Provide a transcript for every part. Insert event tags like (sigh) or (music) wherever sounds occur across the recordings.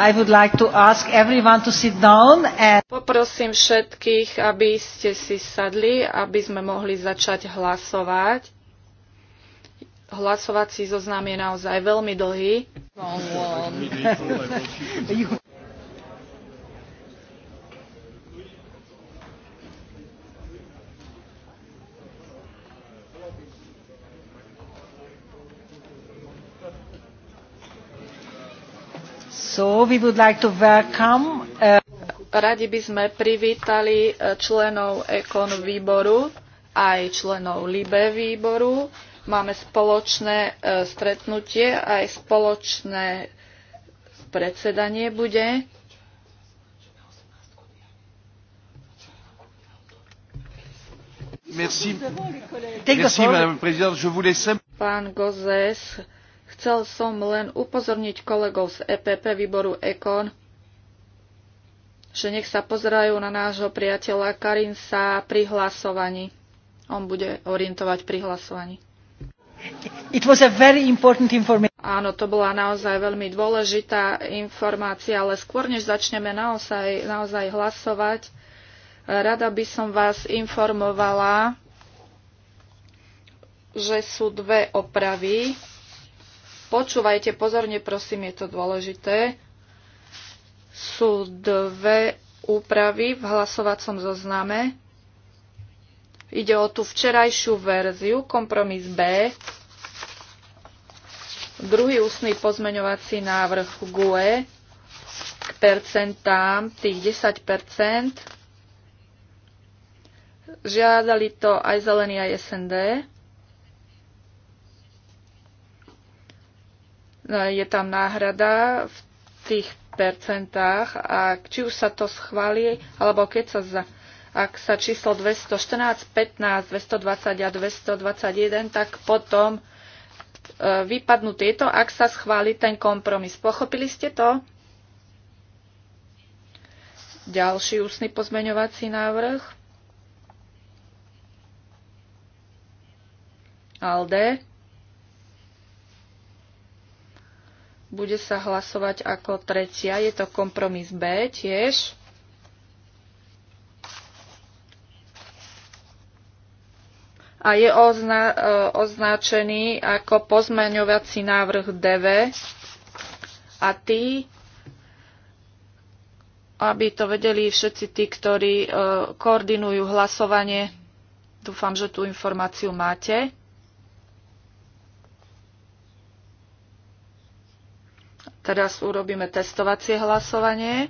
I would like to ask everyone to sit down and... Poprosím všetkých, aby ste si sadli, aby sme mohli začať hlasovať. Hlasovací zoznam je naozaj veľmi dlhý. (laughs) So we would like to welcome, uh... Radi by sme privítali uh, členov Ekon výboru aj členov LIBE výboru. Máme spoločné uh, stretnutie, aj spoločné predsedanie bude. Merci. Merci, Madame Présidente. Je vous Pán Gozes, Chcel som len upozorniť kolegov z EPP výboru EKON, že nech sa pozerajú na nášho priateľa Karinsa pri hlasovaní. On bude orientovať pri hlasovaní. It was a very important information. Áno, to bola naozaj veľmi dôležitá informácia, ale skôr než začneme naozaj, naozaj hlasovať, rada by som vás informovala, že sú dve opravy Počúvajte pozorne, prosím, je to dôležité. Sú dve úpravy v hlasovacom zozname. Ide o tú včerajšiu verziu, kompromis B, druhý ústny pozmeňovací návrh GUE k percentám, tých 10 Žiadali to aj zelený, aj SND. Eh, je tam náhrada v tých percentách a či už sa to schváli, alebo keď sa za, ak sa číslo 214, 15, 220 a 221, tak potom eh, vypadnú tieto, ak sa schváli ten kompromis. Pochopili ste to? Ďalší ústny pozmeňovací návrh. Alde. bude sa hlasovať ako tretia. Je to kompromis B tiež. A je ozna- e, označený ako pozmeňovací návrh DV. A tí, aby to vedeli všetci tí, ktorí e, koordinujú hlasovanie, dúfam, že tú informáciu máte. Teraz urobíme testovacie hlasovanie.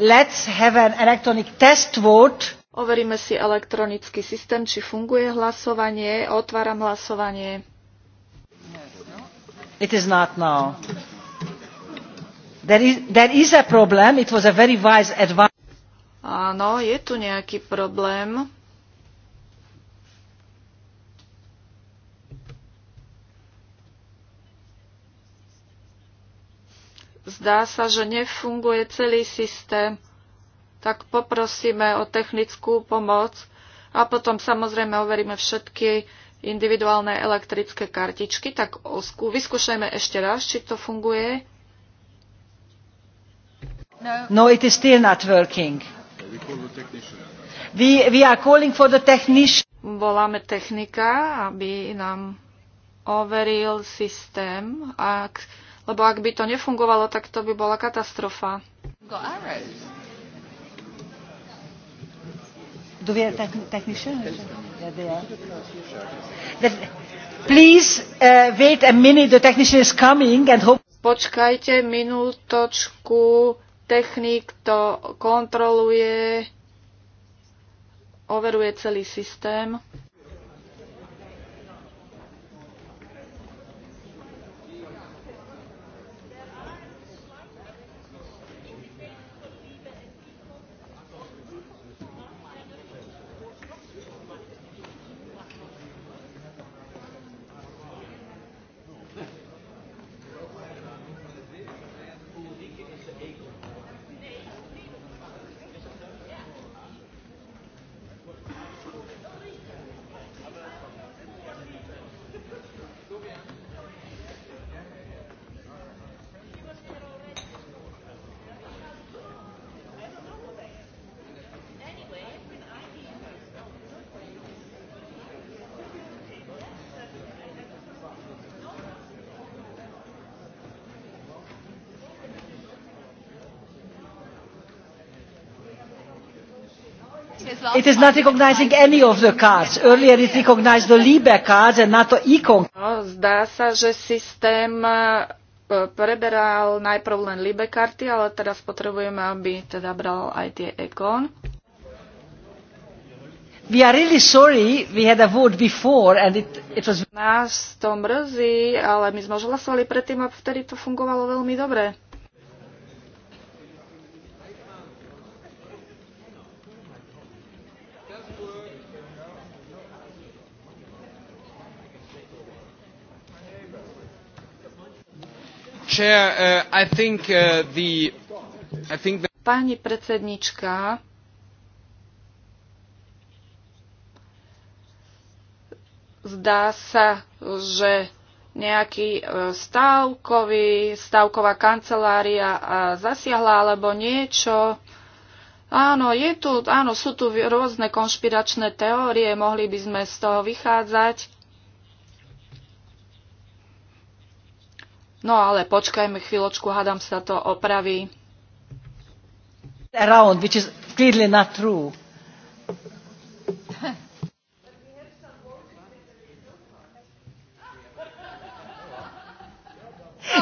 Let's have an electronic test vote. Overíme si elektronický systém, či funguje hlasovanie. Otváram hlasovanie. It is not now. There is, there is a problem. It was a very wise advice. Áno, je tu nejaký problém. Zdá sa, že nefunguje celý systém, tak poprosíme o technickú pomoc a potom samozrejme overíme všetky individuálne elektrické kartičky, tak osku, vyskúšajme ešte raz, či to funguje. No, it is still not working. We, we are calling for the technician. Voláme technika, aby nám overil systém, ak lebo ak by to nefungovalo, tak to by bola katastrofa. Please uh, wait a minute, the technician is coming and hope... Počkajte minútočku, technik to kontroluje, overuje celý systém. It is not recognizing any of the cards. Earlier it recognized the Libe cards and not the Econ. No, zdá sa, že systém e, preberal najprv len Libe karty, ale teraz potrebujeme, aby teda bral aj tie Econ. We are really sorry we had a vote before and it, it was... Nás to mrzí, ale my sme už hlasovali predtým a vtedy to fungovalo veľmi dobre. Uh, uh, Pani predsednička, zdá sa, že nejaký e, stavkový, stavková kancelária e, zasiahla alebo niečo. Áno, je tu, áno, sú tu rôzne konšpiračné teórie, mohli by sme z toho vychádzať. No ale počkajme chvíľočku, hádam sa to opraví. Around, which is clearly not true. (laughs)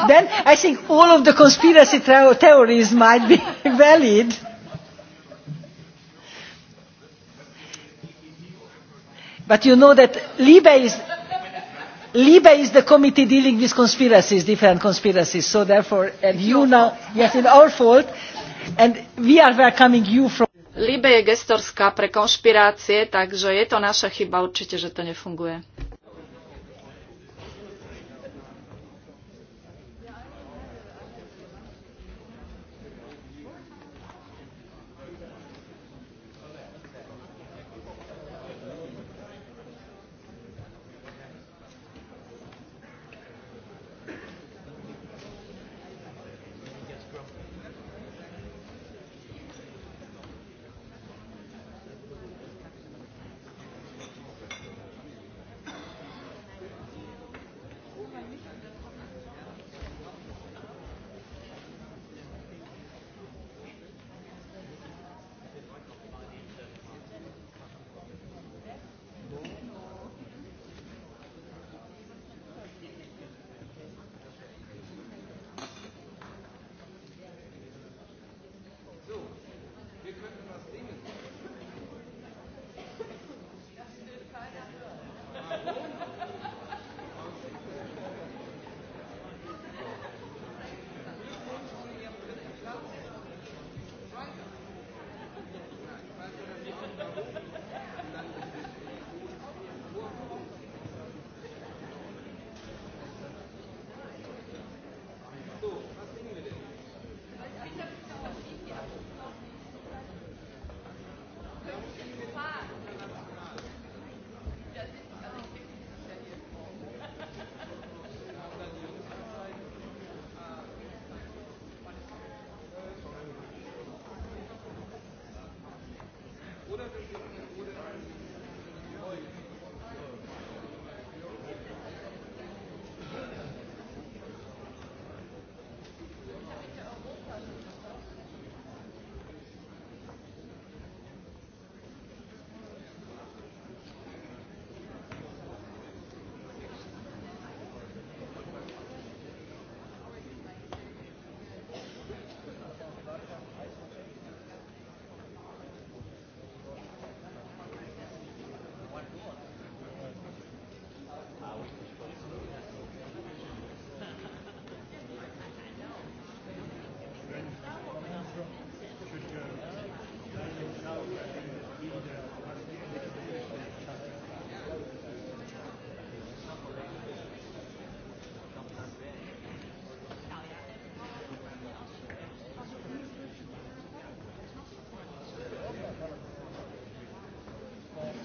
Then I think all of the conspiracy theories might be (laughs) valid. But you know that Libe is libe is the committee dealing with conspiracies different conspiracies so therefore and uh, you now yes it's our fault and we are welcoming you from Libe je gestorská pre konšpirácie, takže je to naša chyba určite, že to nefunguje.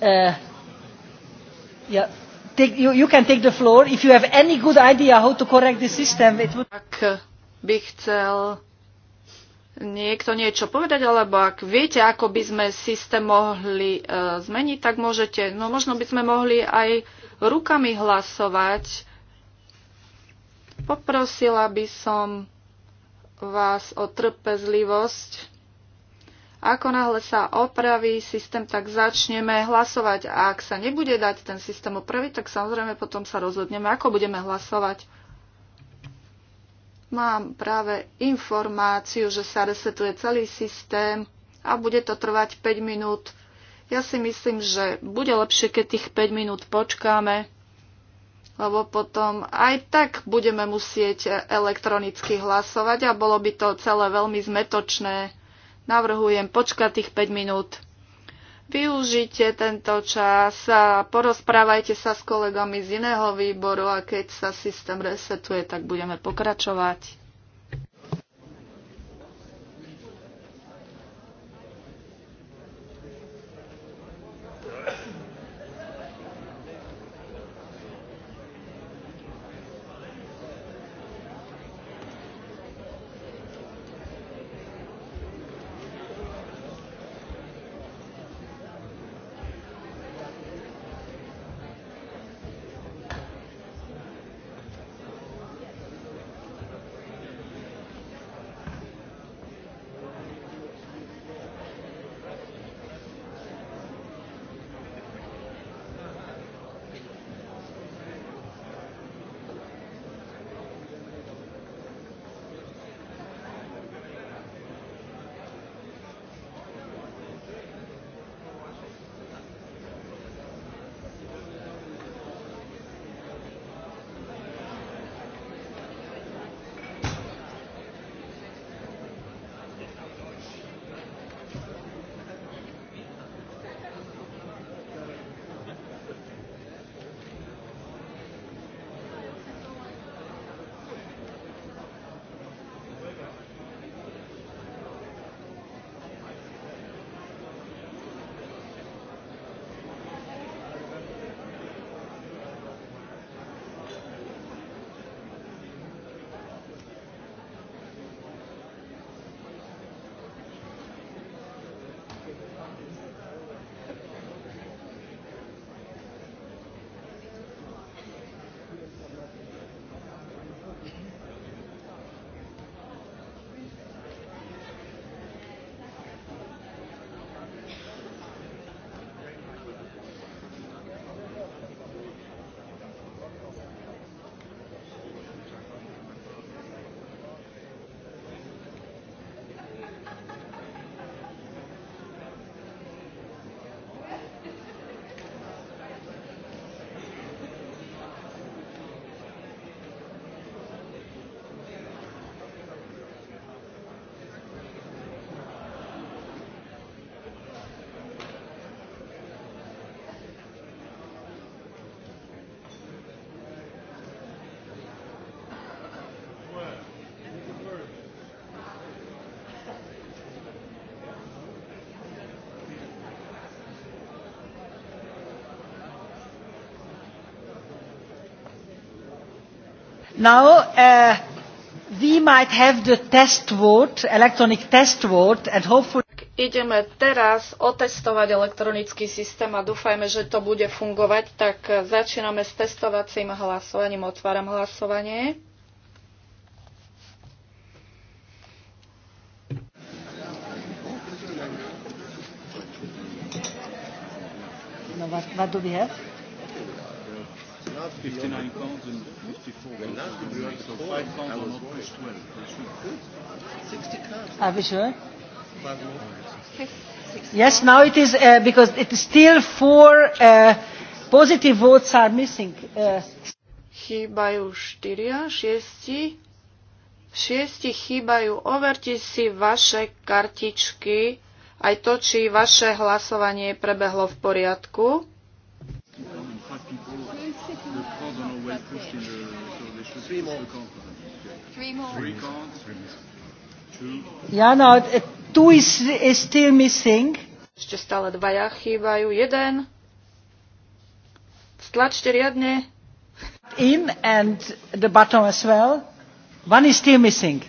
Uh, ak by chcel niekto niečo povedať, alebo ak viete, ako by sme systém mohli uh, zmeniť, tak môžete. No možno by sme mohli aj rukami hlasovať. Poprosila by som vás o trpezlivosť. Ako náhle sa opraví systém, tak začneme hlasovať. A ak sa nebude dať ten systém opraviť, tak samozrejme potom sa rozhodneme, ako budeme hlasovať. Mám práve informáciu, že sa resetuje celý systém a bude to trvať 5 minút. Ja si myslím, že bude lepšie, keď tých 5 minút počkáme, lebo potom aj tak budeme musieť elektronicky hlasovať a bolo by to celé veľmi zmetočné. Navrhujem počkať tých 5 minút. Využite tento čas a porozprávajte sa s kolegami z iného výboru a keď sa systém resetuje, tak budeme pokračovať. Now, uh, we might have the test vote, electronic test vote, and hopefully... Ideme teraz otestovať elektronický systém a dúfajme, že to bude fungovať. Tak eh, začíname s testovacím hlasovaním. Otváram hlasovanie. No, what, what do we have? Ah, are we sure? Yes, now it is uh, because it is still four uh, positive votes are missing. Uh, chýbajú štyria, šiesti. Šiesti chýbajú. Overte si vaše kartičky, aj to, či vaše hlasovanie prebehlo v poriadku. Yeah, no, two is, is still missing. Ešte stále dvaja chýbajú. Jeden. Stlačte riadne. In and the bottom as well. One is still missing.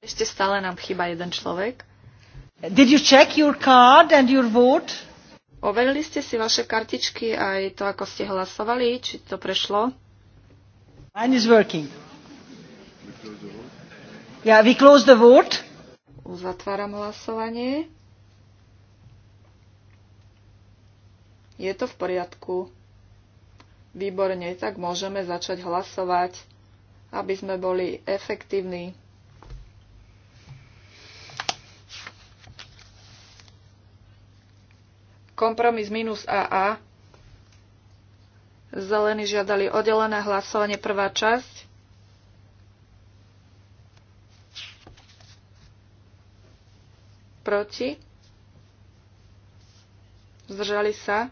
Ešte stále nám chýba jeden človek. Did you check your card and your vote? Overili ste si vaše kartičky aj to, ako ste hlasovali, či to prešlo? Mine is working. Yeah, we close the vote. Uzatváram hlasovanie. Je to v poriadku. Výborne, tak môžeme začať hlasovať, aby sme boli efektívni. Kompromis minus AA Zelení žiadali oddelené hlasovanie prvá časť. Proti. Zdržali sa.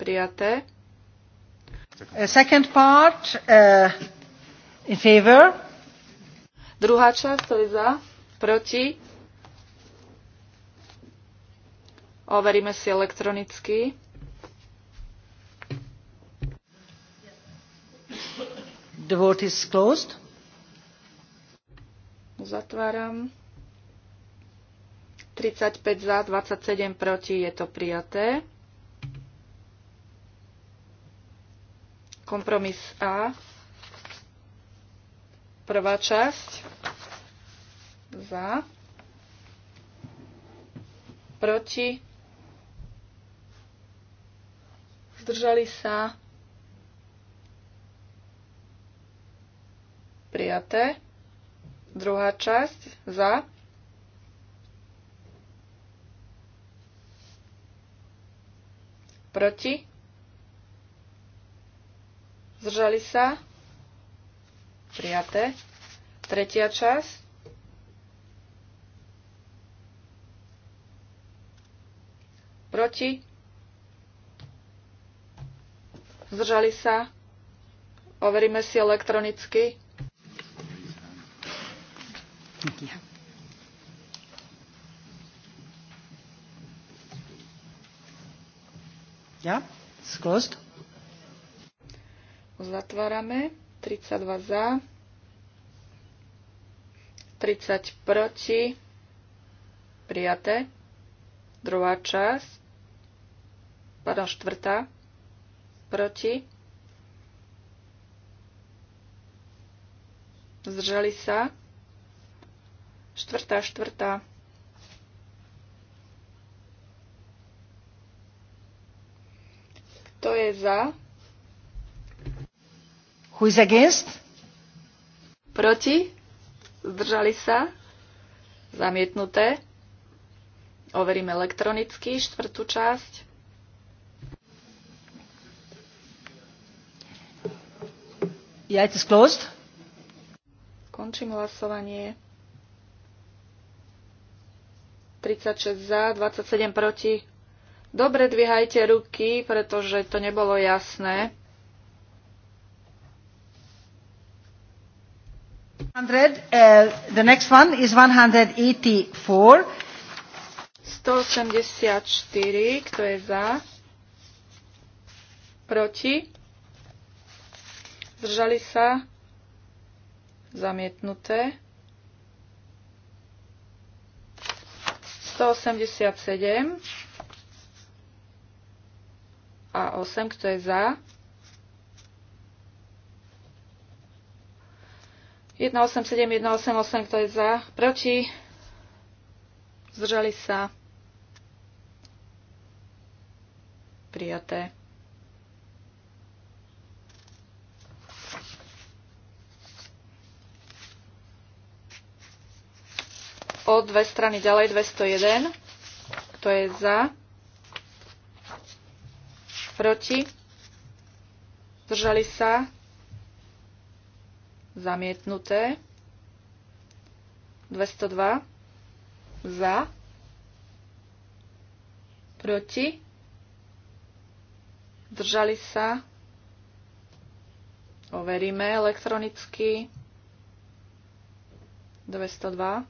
Prijaté. A uh, second part uh, in favor. Druhá časť, to je za, proti. Overíme si elektronicky. The vote is closed. Zatváram. 35 za, 27 proti, je to prijaté. Kompromis A. Prvá časť. Za. Proti. Zdržali sa. Prijaté. Druhá časť za. Proti. Zdržali sa. Prijaté. Tretia časť. Proti? Zdržali sa? Overíme si elektronicky. Ja? Sklost? Zatvárame. 32 za. 30 proti. Prijaté. Druhá časť. Pardon, štvrtá. Proti. Zdržali sa. Štvrtá, štvrtá. Kto je za? Who is against? Proti? Zdržali sa? Zamietnuté. Overím elektronicky štvrtú časť. Ja is closed. Končím hlasovanie. 36 za, 27 proti. Dobre dvíhajte ruky, pretože to nebolo jasné. Eh, the next one is 184. 184, kto je za? Proti? Zdržali sa? Zamietnuté. 187 a 8, kto je za. 187, 188, kto je za, proti, zdržali sa, prijaté. O dve strany ďalej 201, kto je za, proti, zdržali sa, zamietnuté, 202, za, proti, zdržali sa, overíme elektronicky, 202,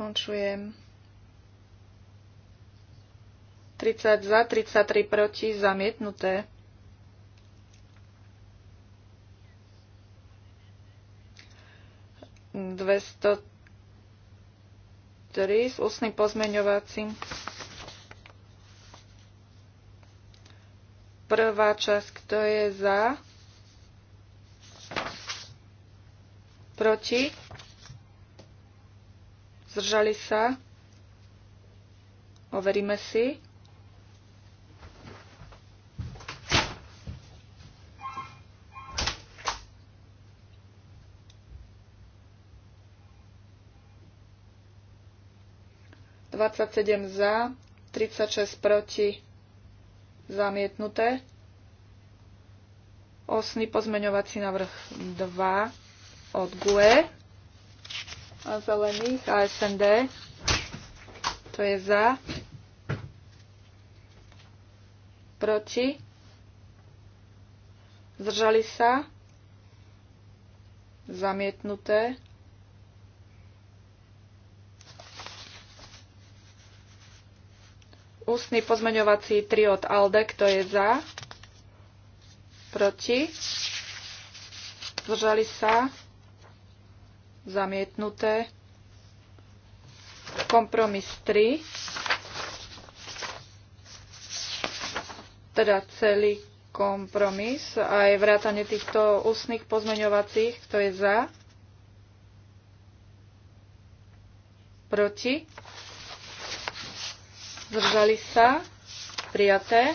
Ukončujem. 30 za, 33 proti, zamietnuté. Dvesto s ústnym pozmeňovacím. Prvá časť, kto je za? Proti? Zdržali sa? Overíme si. Dvadsať sedem za, tridsať šesť proti, zamietnuté. Osný pozmeňovací návrh dva od GUE zelených a SND. To je za. Proti. Zdržali sa. Zamietnuté. Ústny pozmeňovací tri od ALDE, kto je za? Proti? Zdržali sa? zamietnuté. Kompromis 3, teda celý kompromis, aj vrátanie týchto ústnych pozmeňovacích, kto je za, proti, zdržali sa, prijaté.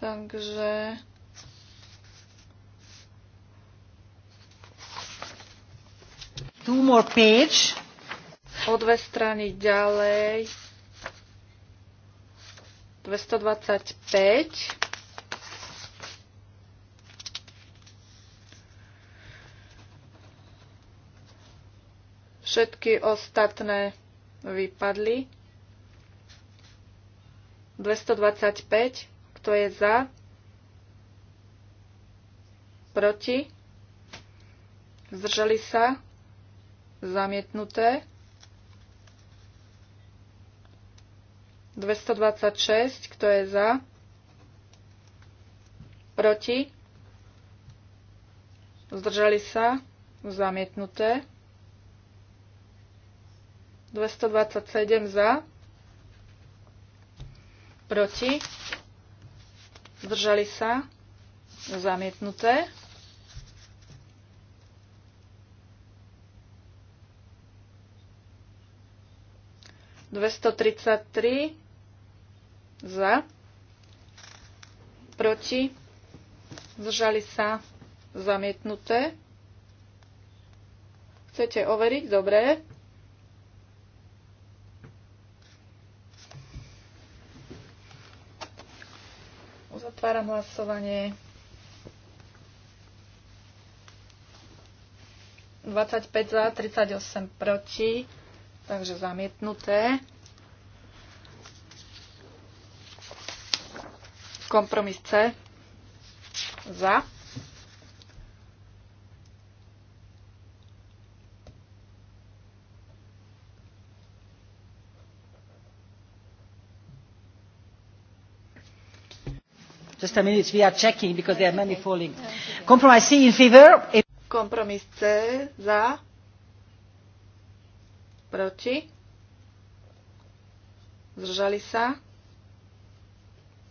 Takže Two more page. O dve strany ďalej. 225. Všetky ostatné vypadli. 225. Kto je za? Proti? Zdržali sa? zamietnuté. 226, kto je za? Proti? Zdržali sa? Zamietnuté. 227 za. Proti? Zdržali sa? Zamietnuté. 233 za, proti, zdržali sa zamietnuté. Chcete overiť? Dobre. Uzatváram hlasovanie. 25 za, 38 proti. Takže zamietnuté. Kompromis C. Za. Just a minute, we are checking because there are many falling. Compromise C in favor. Compromise C za. Proti? Zdržali sa?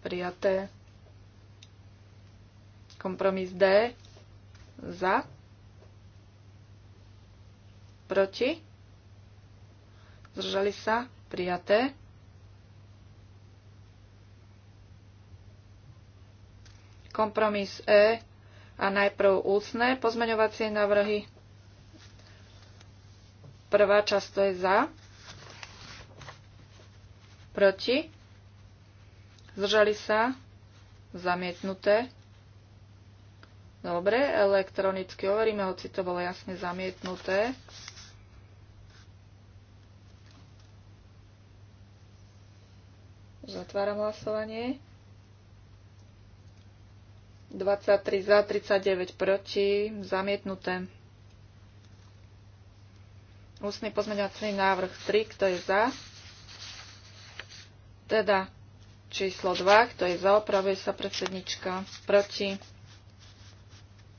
Prijaté. Kompromis D. Za. Proti? Zdržali sa? Prijaté. Kompromis E. A najprv úcne pozmeňovacie návrhy Prvá časť to je za. Proti. Zdržali sa. Zamietnuté. Dobre, elektronicky overíme, hoci to bolo jasne zamietnuté. Zatváram hlasovanie. 23 za, 39 proti, zamietnuté. Ústny pozmeňovací návrh 3, kto je za? Teda číslo 2, kto je za, opravuje sa predsednička, proti,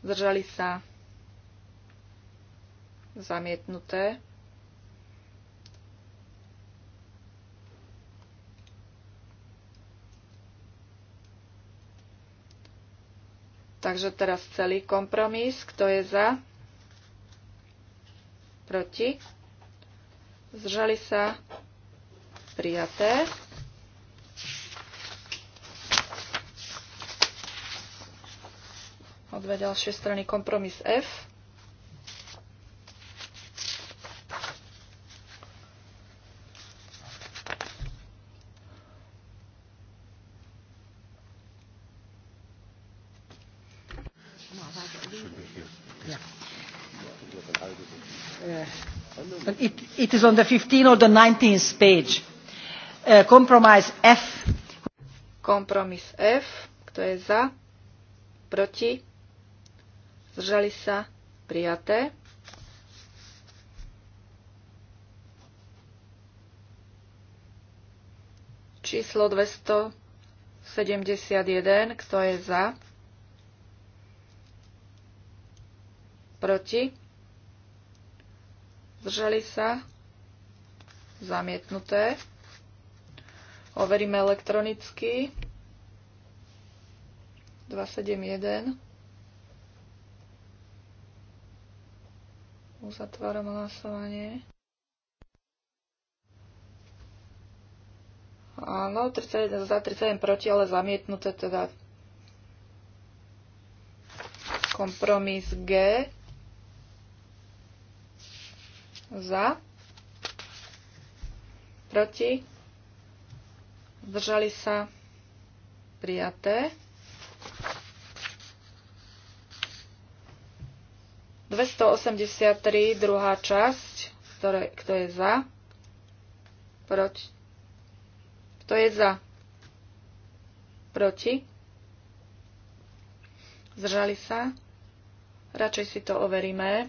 zdržali sa, zamietnuté. Takže teraz celý kompromis, kto je za, proti, zdržali sa prijaté. O dve ďalšie strany kompromis F. it is on the or the page. Uh, compromise F. Kompromis F. Kto je za? Proti? Zdržali sa? Prijaté. Číslo 271. Kto je za? Proti? Zdržali sa? Zamietnuté. Overíme elektronicky. 271. Uzatváram hlasovanie. Áno, 31 za, 31 proti, ale zamietnuté teda kompromis G za Proti? Zdržali sa? Prijaté. 283, druhá časť, ktoré, kto je za? Proti? Kto je za? Proti? Zdržali sa? Radšej si to overíme.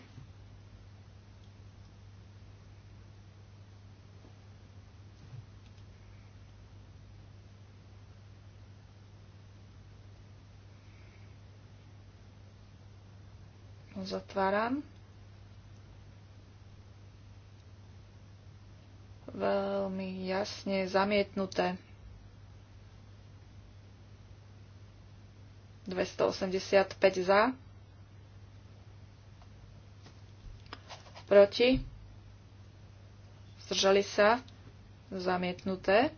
Uzatváram. Veľmi jasne zamietnuté. 285 za. Proti. Zdržali sa. Zamietnuté.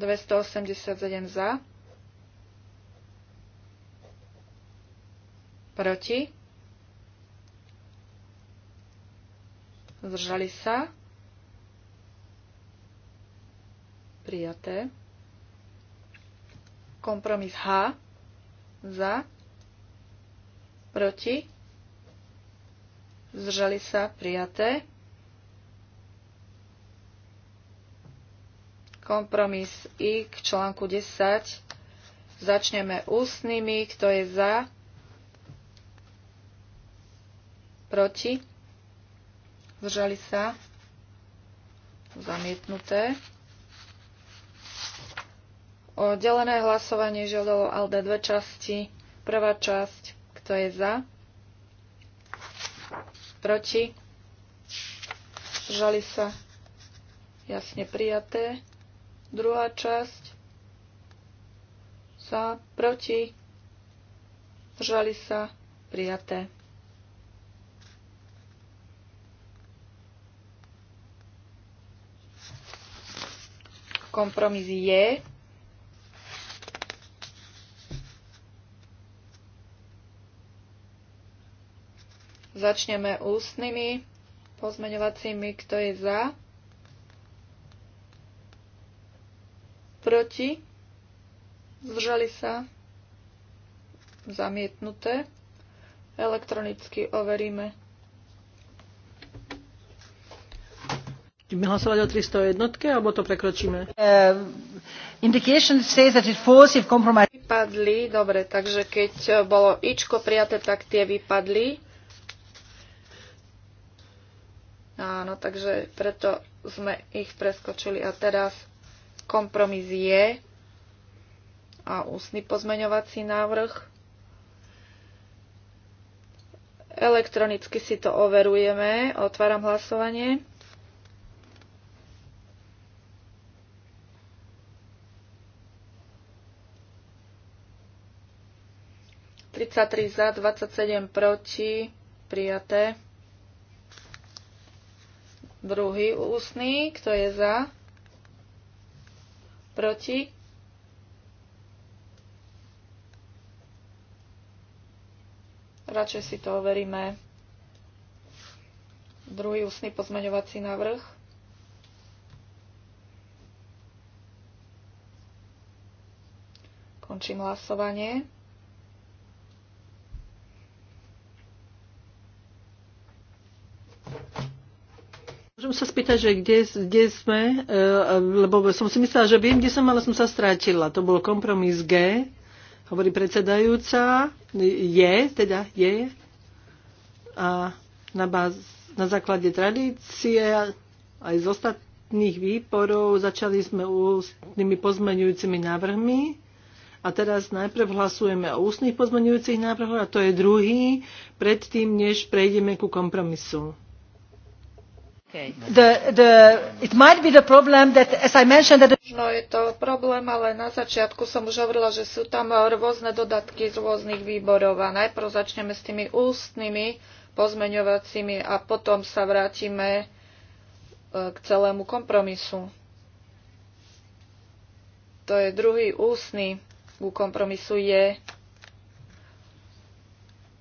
287 za. Proti? Zdržali sa? Prijaté. Kompromis H. Za. Proti? Zdržali sa? Prijaté. Kompromis I k článku 10. Začneme ústnymi. Kto je za? proti, zdržali sa, zamietnuté. O delené hlasovanie žiadalo Alda dve časti. Prvá časť, kto je za, proti, zdržali sa, jasne prijaté. Druhá časť, za, proti, zdržali sa, prijaté. Kompromis je. Začneme ústnymi pozmeňovacími, kto je za. Proti. Zdržali sa. Zamietnuté. Elektronicky overíme Budeme hlasovať o 301, alebo to prekročíme? Uh, vypadli, dobre, takže keď bolo ičko prijaté, tak tie vypadli. Áno, takže preto sme ich preskočili. A teraz kompromis je a ústny pozmeňovací návrh. Elektronicky si to overujeme. Otváram hlasovanie. 33 za, 27 proti, prijaté. Druhý ústny, kto je za? Proti? Radšej si to overíme. Druhý ústny pozmeňovací návrh. Končím hlasovanie. Môžem sa spýtať, že kde, kde sme, e, e, lebo som si myslela, že viem, kde som, ale som sa strátila. To bol kompromis G, hovorí predsedajúca, je, teda je. A na, báz, na základe tradície aj z ostatných výporov začali sme ústnymi pozmeňujúcimi návrhmi. A teraz najprv hlasujeme o ústnych pozmeňujúcich návrhoch a to je druhý, predtým, než prejdeme ku kompromisu. Možno je to problém, ale na začiatku som už hovorila, že sú tam eh, rôzne dodatky z rôznych výborov a najprv začneme s tými ústnymi pozmeňovacími a potom sa vrátime eh, k celému kompromisu. To je druhý ústny u kompromisu je.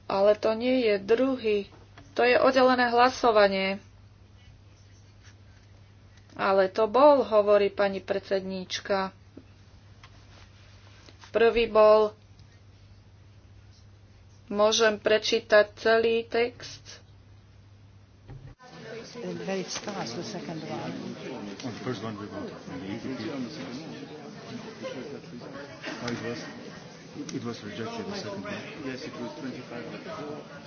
Ale to nie je druhý. To je oddelené hlasovanie. Ale to bol, hovorí pani predsedníčka. Prvý bol. Môžem prečítať celý text? where it the second one. It was rejected the second time. Yes, it was 25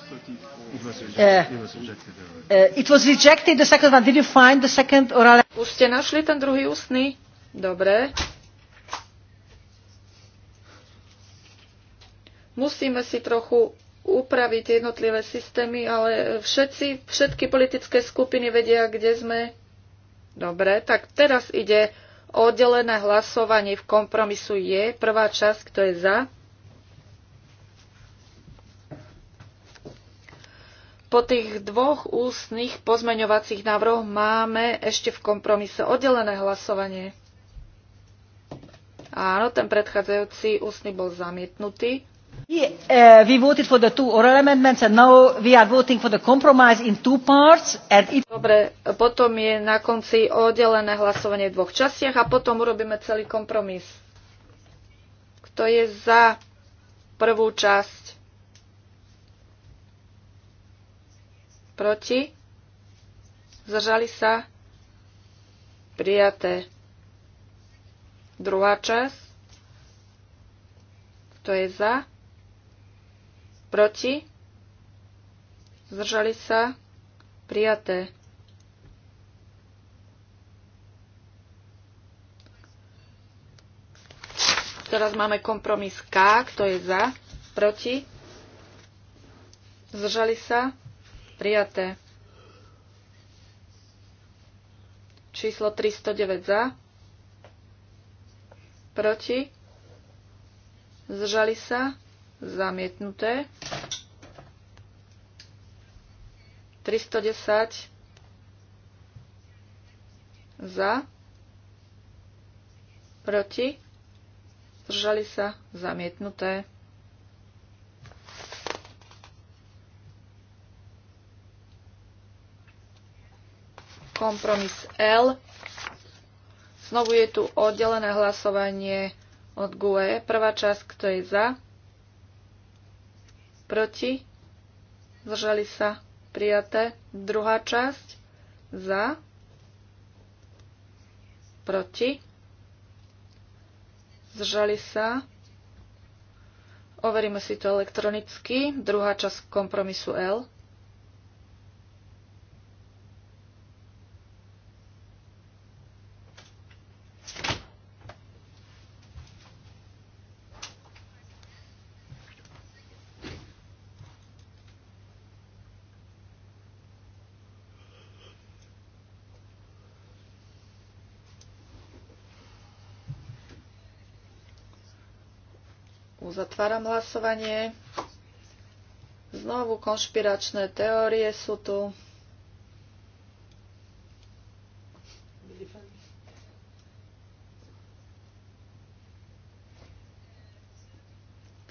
34. Eh, it was rejected. Uh, it was rejected. Uh, it was rejected the second one. Did you find the second oral? Už ste našli ten druhý ústny? Dobre. Musíme si trochu upraviť jednotlivé systémy, ale všetci, všetky politické skupiny vedia, kde sme. Dobre, tak teraz ide oddelené hlasovanie v kompromisu je. Prvá časť, kto je za, Po tých dvoch ústnych pozmeňovacích návrhoch máme ešte v kompromise oddelené hlasovanie. Áno, ten predchádzajúci ústny bol zamietnutý. We, uh, we voted for the two oral amendments and now we are voting for the compromise in two parts. And it... Dobre, potom je na konci oddelené hlasovanie v dvoch častiach a potom urobíme celý kompromis. Kto je za prvú časť? proti, zdržali sa, prijaté. Druhá časť, kto je za, proti, zdržali sa, prijaté. Teraz máme kompromis K, kto je za, proti, zdržali sa, prijaté. Prijaté. Číslo 309 za. Proti. Zdržali sa. Zamietnuté. 310 za, proti, zdržali sa, zamietnuté. Kompromis L. Znovu je tu oddelené hlasovanie od GUE. Prvá časť, kto je za? Proti? Zdržali sa? Prijaté. Druhá časť? Za? Proti? Zdržali sa? Overíme si to elektronicky. Druhá časť kompromisu L. Zatváram hlasovanie. Znovu konšpiračné teórie sú tu.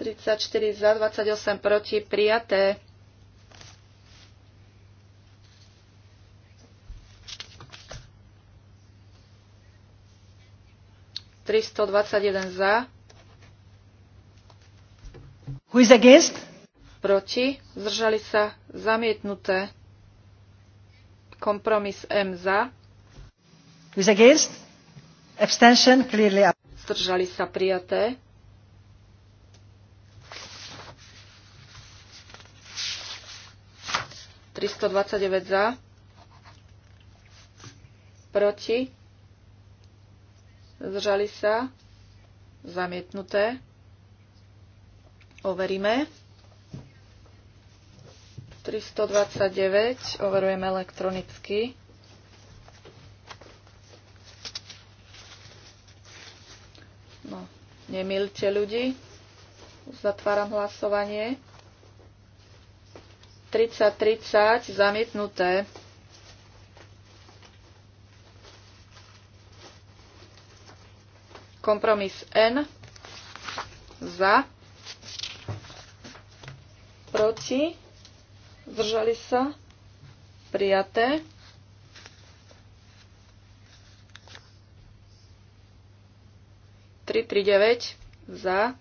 Tridsaťštyri za, 28 proti, prijaté. 321 za. Who is against? Proti. Zdržali sa. Zamietnuté. Kompromis M za. Who is against? Abstention clearly. up. Zdržali sa prijaté. Tristo dvadsať deväť za. Proti. Zdržali sa. Zamietnuté overíme. 329 overujem elektronicky. No, nemilte ľudí. Zatváram hlasovanie. 3030 30 zamietnuté. Kompromis N za proti, zdržali sa, prijaté. Tri, tri, deväť, za.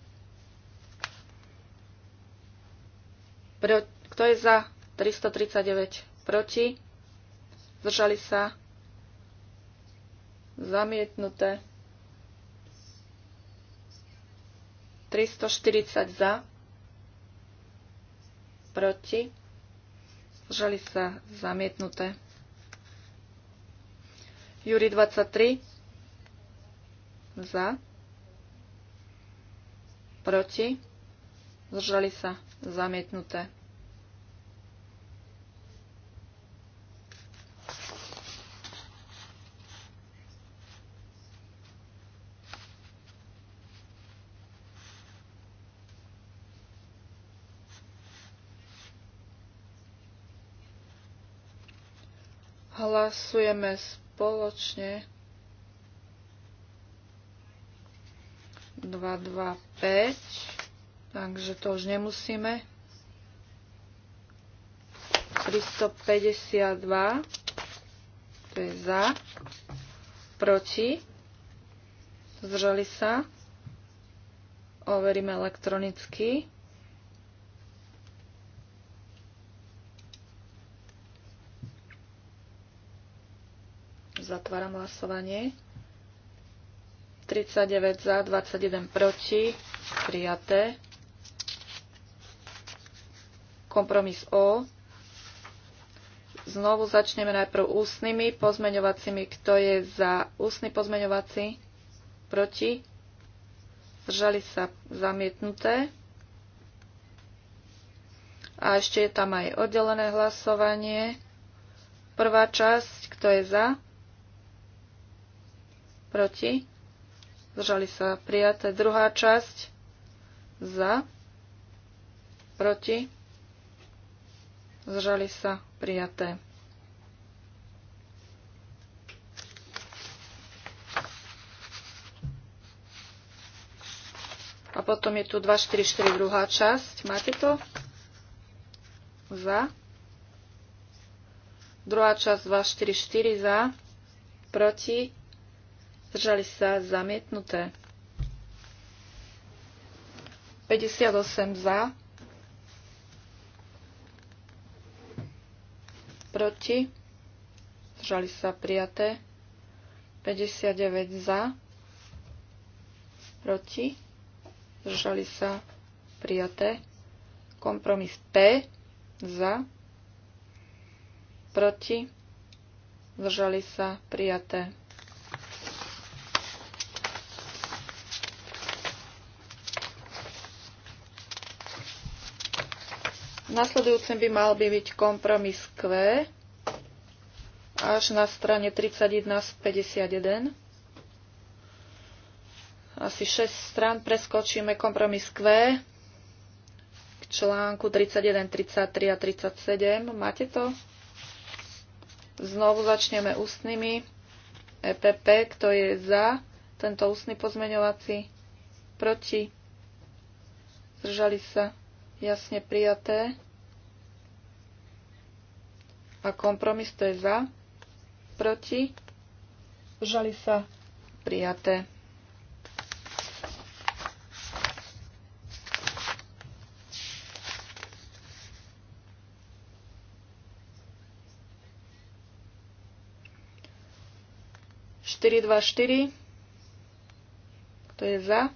kto je za? 339 proti. Zdržali sa. Zamietnuté. 340 za proti, zdržali sa zamietnuté. Júri 23 za, proti, zdržali sa zamietnuté. hlasujeme spoločne 2, 2, 5. Takže to už nemusíme. 352. To je za. Proti. Zdržali sa. Overíme elektronicky. Zatváram hlasovanie. 39 za, 21 proti. Prijaté. Kompromis O. Znovu začneme najprv ústnymi pozmeňovacími. Kto je za ústny pozmeňovací? Proti? Zdržali sa zamietnuté. A ešte je tam aj oddelené hlasovanie. Prvá časť, kto je za? proti, zdržali sa prijaté. Druhá časť za, proti, zdržali sa prijaté. A potom je tu 2, 4, 4, druhá časť. Máte to? Za. Druhá časť 2, 4, 4, za. Proti zdržali sa zamietnuté. 58 za, proti, zdržali sa prijaté. 59 za, proti, zdržali sa prijaté. Kompromis P za, proti, zdržali sa prijaté. Nasledujúcim by mal by byť kompromis Q až na strane 31 z 51. Asi 6 strán preskočíme kompromis Q k článku 31, 33 a 37. Máte to? Znovu začneme ústnymi. EPP, kto je za tento ústny pozmeňovací? Proti? Zdržali sa? Jasne prijaté. A kompromis to je za, proti, žali sa, prijaté. Štyri, dva, štyri. Kto je za?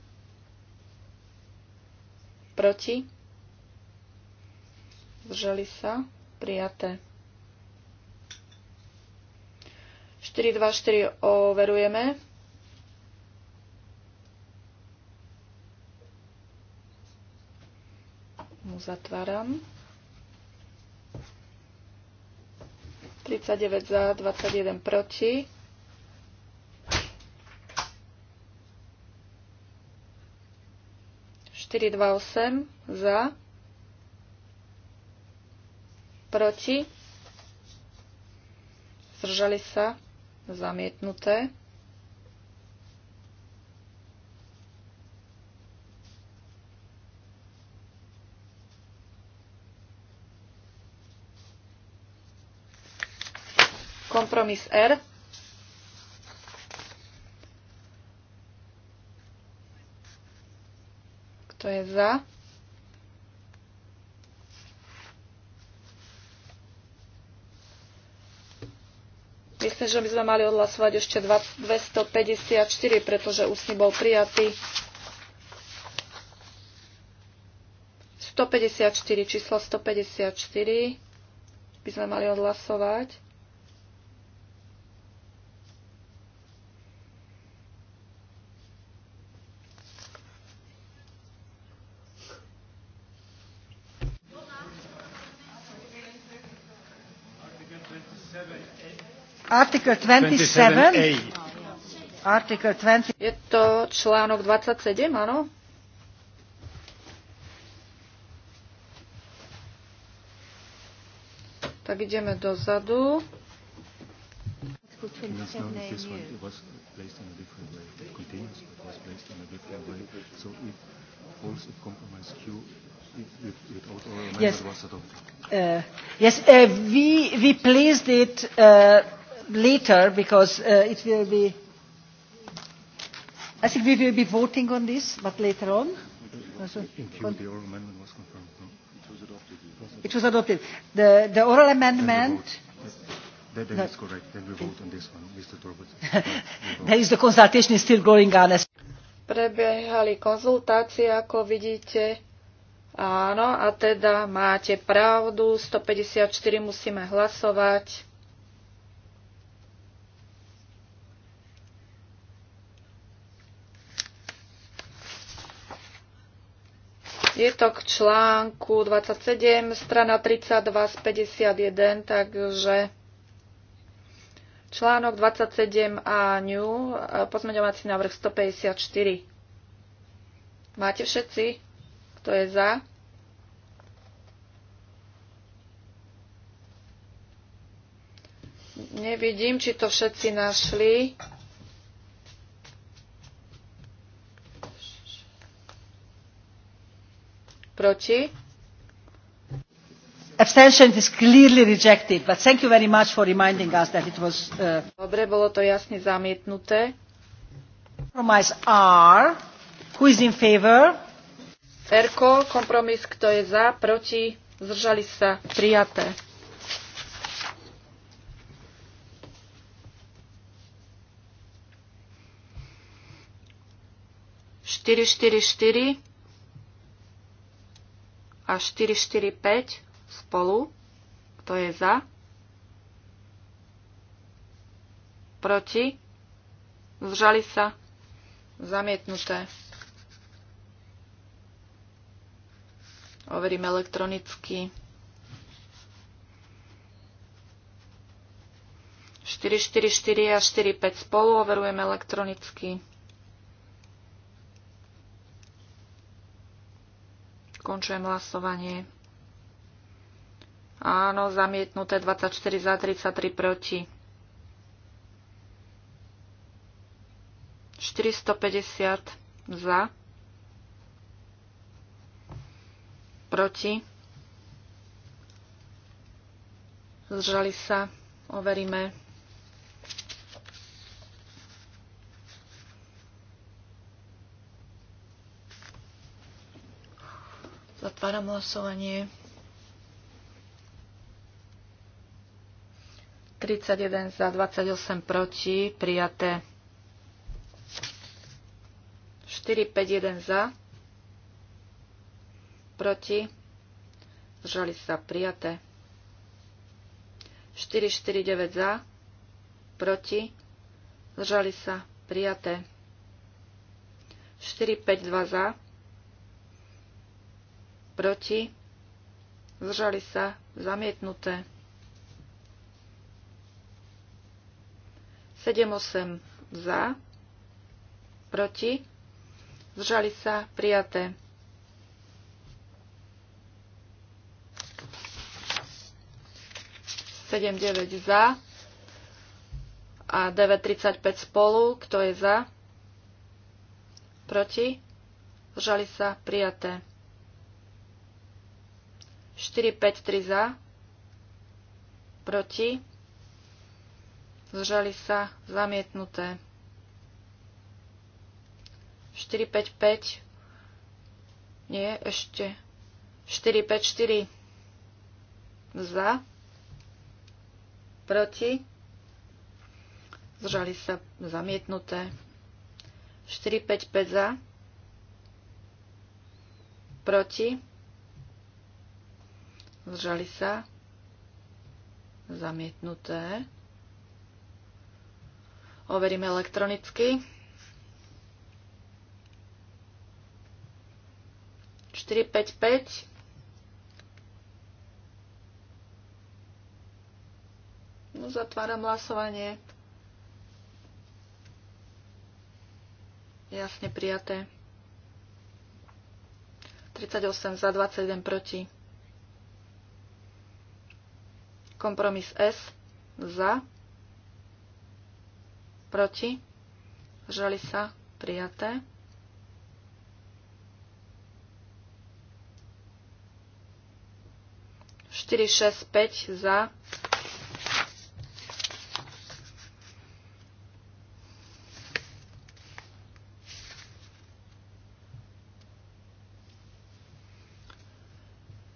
Proti? Zdržali sa? Prijaté. 4, 2, 4 overujeme. Uzatváram. 39 za, 21 proti. Štyri, dva, osem, za, proti, zdržali sa, Zamietnuté. kompromis R. Kto je za? že by sme mali odhlasovať ešte 254, pretože ústny bol prijatý. 154, číslo 154 by sme mali odhlasovať. Je to článok 27, áno? Tak ideme dozadu. Yes, uh, yes uh, we, we placed it uh, later because uh, it will be I think we will be voting on this, but later on. No? It was adopted. The, the oral amendment. Then that, that is no. correct. Then we vote on this one, Mr. Torbos. (laughs) there is the consultation is still going on. As Prebiehali konzultácie, ako vidíte. Áno, a teda máte pravdu, 154 musíme hlasovať. Je to k článku 27, strana 32 z 51, takže článok 27a ňu, e, pozmeňovací návrh 154. Máte všetci? Kto je za? Nevidím, či to všetci našli. Proti? Abstention is clearly rejected, but thank you very much for reminding us that it was... Uh, Dobre, bolo to jasne zamietnuté. Compromise R. Who is in favor? Erko, kompromis, kto je za, proti, zdržali sa, prijaté. Štyri, štyri, štyri a 445 spolu. Kto je za? Proti? Zdržali sa? Zamietnuté. Overím elektronicky. 4 a 45 spolu overujem elektronicky. Končujem hlasovanie. Áno, zamietnuté 24 za 33 proti. 450 za. Proti. Zžali sa. Overíme. Zatváram hlasovanie. 31 za 28 proti, prijaté 4, 5, 1 za, proti, zdržali sa prijaté 4, 4, 9 za, proti, zdržali sa prijaté 4, 5, 2 za, proti, zdržali sa, zamietnuté. 7-8 za, proti, zdržali sa, prijaté. Sedem deväť za a päť spolu. Kto je za? Proti? žali sa prijaté. 4 3 za, proti, zdržali sa zamietnuté. 5, nie, ešte 4, za, proti, zdržali sa zamietnuté. 5 za, proti, zžali sa, zamietnuté. Overíme elektronicky. 5. No, zatváram hlasovanie. Jasne prijaté. 38 za 21 proti. Kompromis S za, proti, zdržali sa, prijaté. Štyri, šesť, päť za.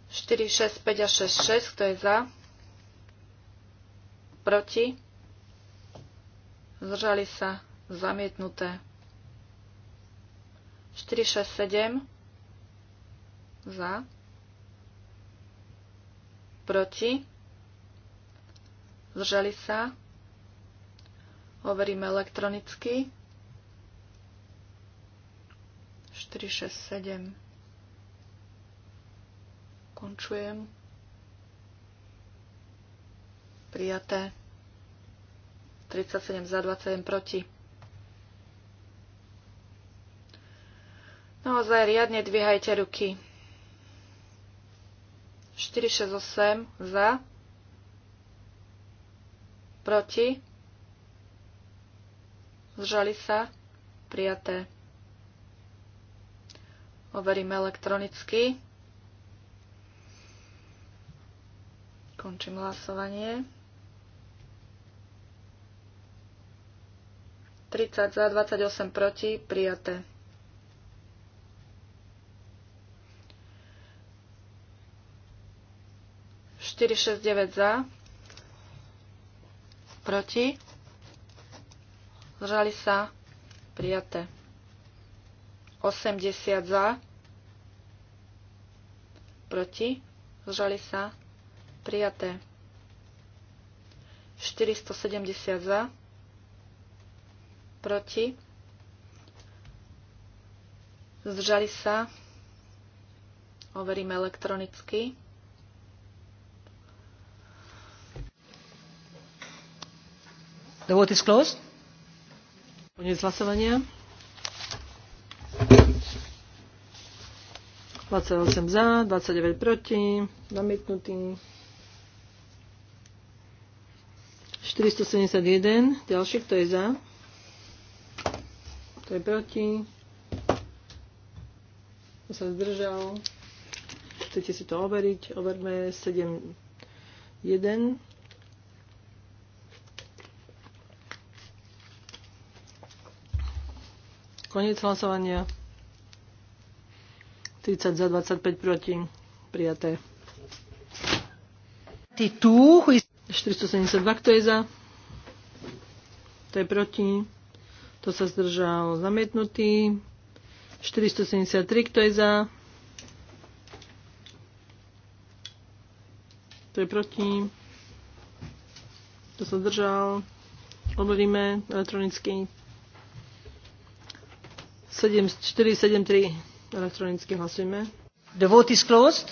Štyri, šesť, päť a šesť, šesť, kto je za? Proti? Zdržali sa zamietnuté. 4, 6, 7. Za. Proti. Zdržali sa. Overíme elektronicky. 4, 6, 7. Končujem. Prijaté. 37 za, 27 proti. Naozaj riadne dvíhajte ruky. 468 za, proti, Zžali sa, prijaté. Overíme elektronicky. Končím hlasovanie. 30 za, 28 proti, prijaté. Štyri, šesť, deväť za, proti, zdržali sa, prijaté. 80 za, proti, zdržali sa, prijaté. 470 za, proti, zdržali sa, overíme elektronicky. The vote is closed. Koniec hlasovania. 28 za, 29 proti, zamietnutý. 471, ďalší, kto je za? Kto je proti? To sa zdržal? Chcete si to overiť? Overme 7.1. Koniec hlasovania. 30 za 25 proti. Prijaté. 472, kto je za? Kto je proti? To sa zdržal? Zamietnutý. 473. Kto je za? To je proti? To sa zdržal? Overíme elektronicky. 7473 elektronicky hlasujeme. The vote is closed.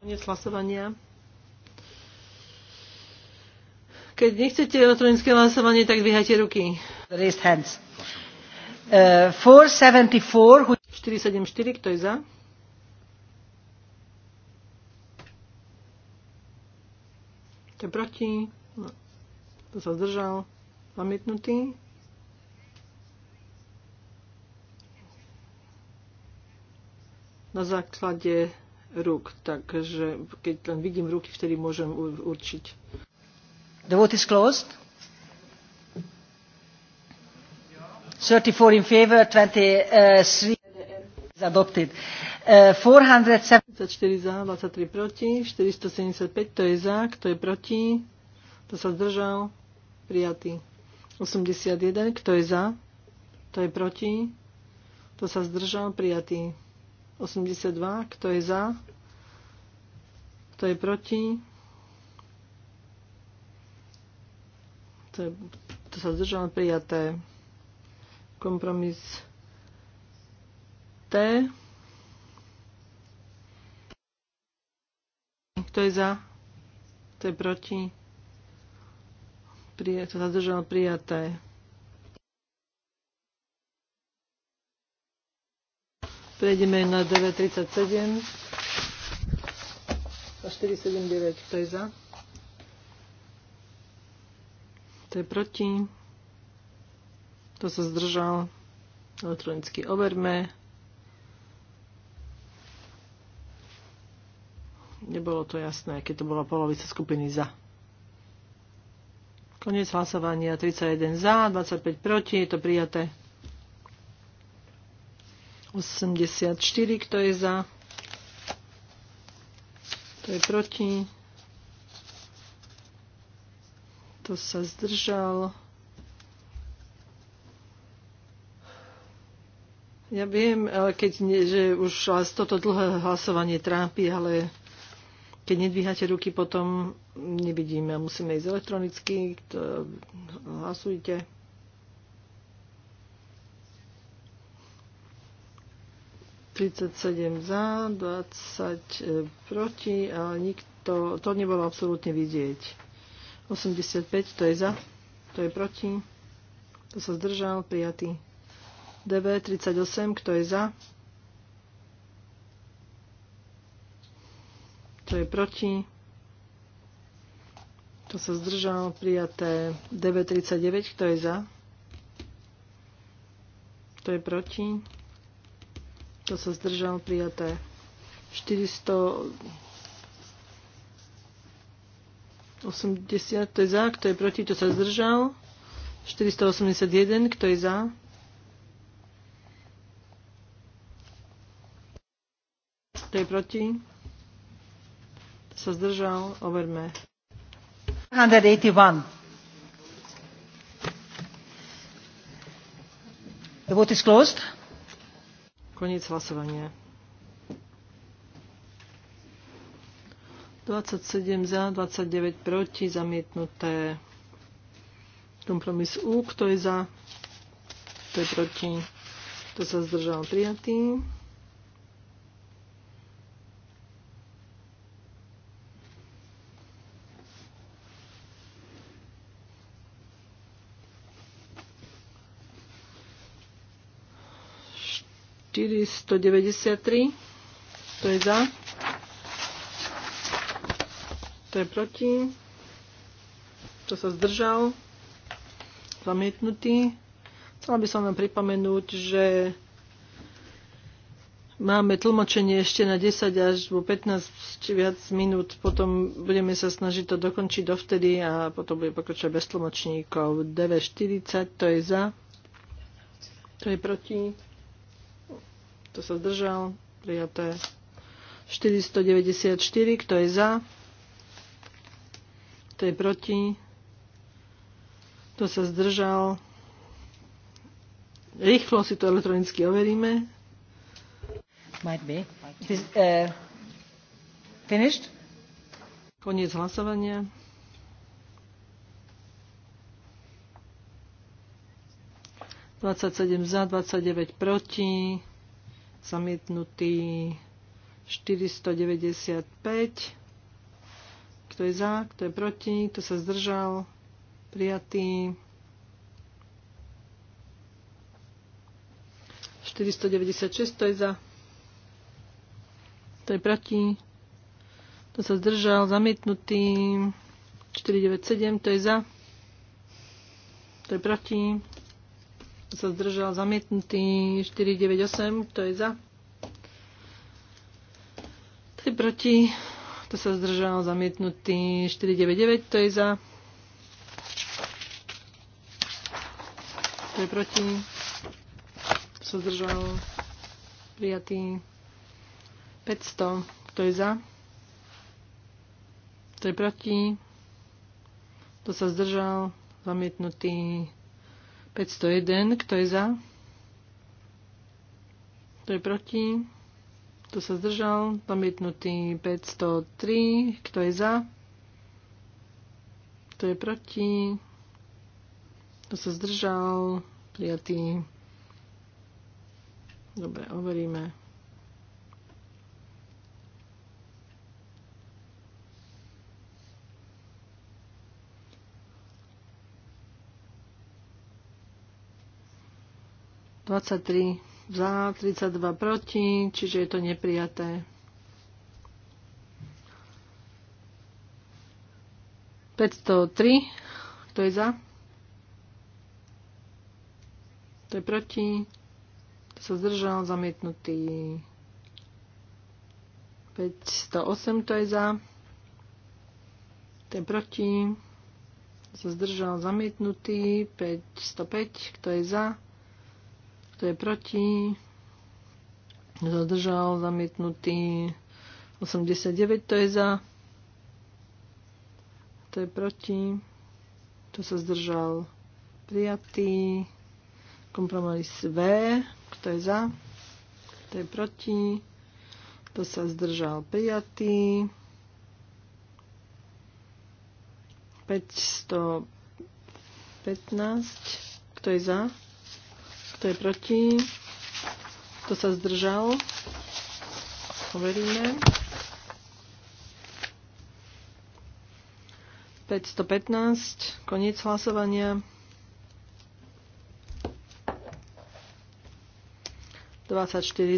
Koniec hlasovania. Keď nechcete elektronické hlasovanie, tak dvíhajte ruky. Raised hands. Uh, 474, 474, kto je za? Kto je proti? No. Kto sa zdržal? Zamietnutý. Na základe rúk, takže keď len vidím ruky, vtedy môžem určiť. The vote is closed. 34 in favor, 23 uh, is adopted. Uh, 474 za, 23 proti, 475, to je za, kto je proti, kto sa zdržal, prijatý. 81, kto je za, kto je proti, kto sa zdržal, prijatý. 82, kto je za, kto je proti, to, je, to sa zdržalo prijaté. Kompromis T. Kto je za? Kto je proti? Prije, to sa zdržalo prijaté. Prejdeme na 9.37 a 4.79. Kto je za? Kto je proti? Kto sa zdržal? Elektronicky overme. Nebolo to jasné, keď to bola polovica skupiny za. Koniec hlasovania 31 za, 25 proti, je to prijaté. 84, kto je za? Kto je proti? kto sa zdržal. Ja viem, keď nie, že už vás toto dlhé hlasovanie trápi, ale keď nedvíhate ruky, potom nevidíme. Musíme ísť elektronicky, to, hlasujte. ...37 za, 20 e, proti ale nikto, to nebolo absolútne vidieť. 85, to je za, to je proti, to sa zdržal, prijatý. DB 38, kto je za, to je proti, to sa zdržal, prijaté. DB 39, kto je za, to je proti, to sa zdržal, prijaté. 400 80, to je za, kto je proti, to sa zdržal. 481, kto je za? Kto je proti? To sa zdržal, overme. 181. The vote is closed. Koniec hlasovania. 27 za, 29 proti, zamietnuté. Kompromis U, kto je za, kto je proti, kto sa zdržal, prijatý. Štyristo deväťdesiat tri, kto je za? Kto je proti? To sa zdržal? Zamietnutý. Chcela by som vám pripomenúť, že máme tlmočenie ešte na 10 až 15 viac minút, potom budeme sa snažiť to dokončiť dovtedy a potom bude pokračovať bez tlmočníkov. DV40, to je za, to je proti, to sa zdržal, prijaté. 494, kto je za, to je proti, kto sa zdržal. Rýchlo si to elektronicky overíme. Might be. This, uh, finished? Koniec hlasovania. Dvadsaťsedem za, 29 proti, zamietnutý 495. Kto je za, kto je proti, kto sa zdržal, prijatý. 496, to je za. To je proti. To sa zdržal, zamietnutý. 497, to je za. To je proti. To sa zdržal, zamietnutý. 498, to je za. To je proti to sa zdržal zamietnutý 499, to je za. To je proti. To sa zdržal prijatý 500, to je za. To je proti. To sa zdržal zamietnutý 501, kto je za? To je proti. Kto sa zdržal? Zamietnutý 503. Kto je za? Kto je proti? Kto sa zdržal? Prijatý. Dobre, overíme. Двадцать три za, 32 proti, čiže je to neprijaté. 503, kto je za? To je proti? To sa zdržal? Zamietnutý. 508, to je za? To je proti? To sa zdržal? Zamietnutý. 505, kto je za? Kto je proti? Zadržal, zamietnutý. 89 to je za. To je proti. To sa zdržal. Prijatý. Kompromis V. Kto je za? To je proti. To sa zdržal. Prijatý. 515. Kto je za? Kto je proti? Kto sa zdržal? Overíme. 515. Koniec hlasovania. 24